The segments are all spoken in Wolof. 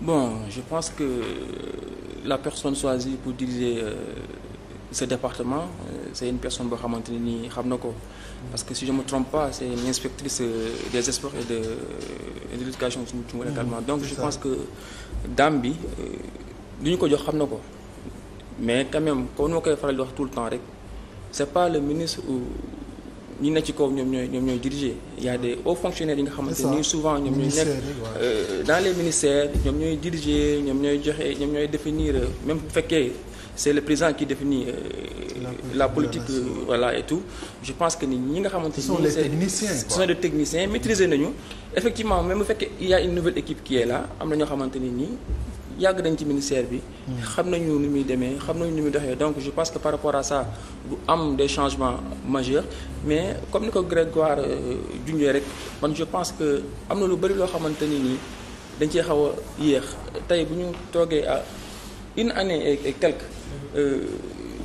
Bon, je pense que la personne choisie pour diriger euh, ce département, euh, c'est une personne boo xamante ne nii xam na ko parce que si je me trompe pas c'est une inspectrice euh, des sports et de et de l'éducation suñu mmh, également donc je pense que dame bi euh, lu ñu ko jox xam na ko mais quand même comme noo koy faral di wax tout le temps rek c'est pas le ministre ou ñi ne ci kow ñoom ñooy ñoom ñooy diriger il y a des hauts yi nga xamante ni souvent ñoom ñooy nekk euh, dans les ministères ñoom ñooy diriger ñoom ñooy joxe ñoom ñooy définir même bu fekkee c'est le président qui définit euh, la politique euh, voilà et tout je pense que ni ñi nga xamante ni soo sont des techniciens ce sont des techniciens maîtriser nañu effectivement même bu fekkee il y a une nouvelle équipe qui est là am na ñoo xamante ni nii yàgg dañ ci ministère bi. xam nañu ni muy demee xam nañu ni muy doxee donc je pense que par rapport à ça du am des changement majeurs mais comme ni ko Grégoire euh, junjee rek man je pense que am na lu bëri loo xamante ni nii dañ ci xaw a yéex tey bu ñu toogee à une année et quelques. Euh,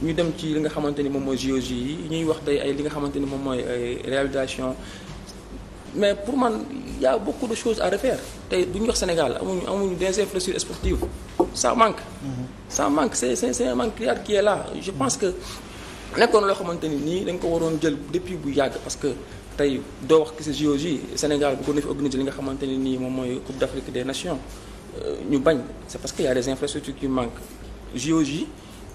ñu dem ci li nga xamante ni moom mooy JOJ yi ñuy wax tey ay li nga xamante ni moom mooy réalisation. mais pour man y' a beaucoup de choses à refaire tey bu ñu wax Sénégal amuñu amuñu des infrastructures sportives ça manque. sa mm-hmm. manque c' est c' est un manque criard qui est là je pense que nekkoon loo xamante ni nii dañ ko waroon jël depuis bu yàgg parce que tey doo wax ki si JOJ Sénégal bëggoon na fi organiser li nga xamante ne nii moom mooy Coupe d' Afrique des Nations euh, ñu bañ c' est parce que y' a des infrastructures qui manquent JOJ.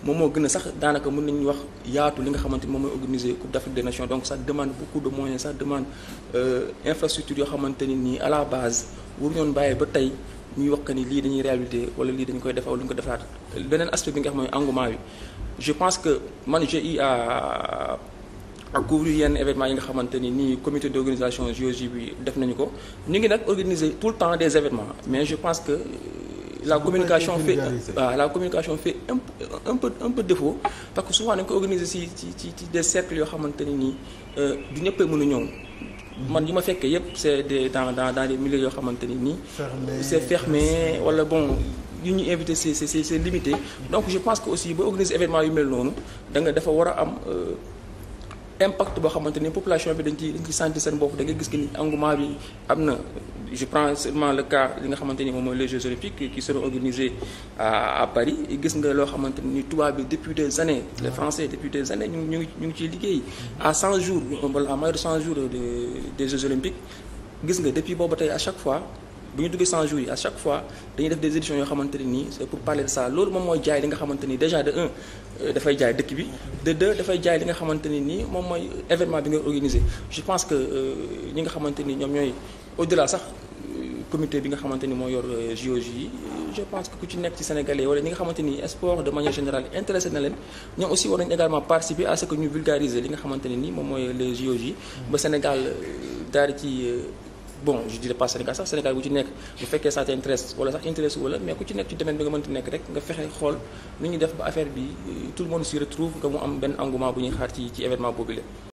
moom moo gën a sax daanaka mën nañu wax yaatu li nga xamante moom mooy organiser Coupe d'Afrique des Nations donc ça demande beaucoup de moyens ça demande euh, infrastructure yoo xamante ni nii à la base waruñoon bàyyi ba tey ñuy wax que ni lii dañuy réalité wala lii dañu koy defar wala ñu ko defaraat beneen aspect bi nga xam mooy je pense que man j'ai à à couvrir yenn yi nga xamante ni nii comité d'organisation JOJ bi def nañu ko ñu ngi nag organiser tout le temps des événements mais je pense que la communication fait waaw la communication fait un un peu un peu défaut parce que souvent dañ ko organiser ci ci ci ci des cercles yoo xamante ne nii euh, du ñëpp mën ñëw. man yi ma fekkee yépp c'est des dans dans dans des milieux yoo xamante ni nii. c'est fermé wala bon yu ñu invité c'est c'est c'est limité. donc je pense que aussi ba organiser événement yu mel noonu da dafa war a am. Euh, impact boo xamante ni population bi dañ ci dañ ci seen bopp da ngay gis que ni engouement bi am na je prends seulement le cas li nga xamante ni moom mooy les Jeux olympiques qui seront organisés à à Paris gis nga loo xamante ni tubaab bi depuis des années. les Français depuis des années ñu ngi ñu ngi ciy liggéey. à 100 jours wala à moins de 100 jours de Jeux olympiques gis nga depuis boobu tey à chaque fois. bu ñu duggee 100 jours à chaque fois dañuy def des éditions yoo xamante nii pour parler de ça loolu moom mooy jaay li nga xamante ni déjà de un euh, dafay jaay dëkk bi de deux dafay jaay li nga xamante ne nii moom mooy événement bi nga organisé je pense que euh, ñi nga xamante ni ñoom ñooy au-delà sax euh, comité bi nga xamante ni moo yor JOJ yi je pense que ku ci nekk ci sénégalais wala ñi nga xamante ni sport de manière générale intéressé na leen ñoom aussi war nañu également participer à ce ni moom mooy les JOJ ba daal ci bon je dirais pas Sénégal sax Sénégal bu ci nekk bu fekkee ça t'intéresse wala sax intéresse wala mais ku ci nekk ci domaine bi nga mënti nekk rek nga fexe xool nu ñuy def ba affaire bi euh, tout le monde s'y retrouve nga mu am benn engouement bu ñuy xaar ci ci événement boobule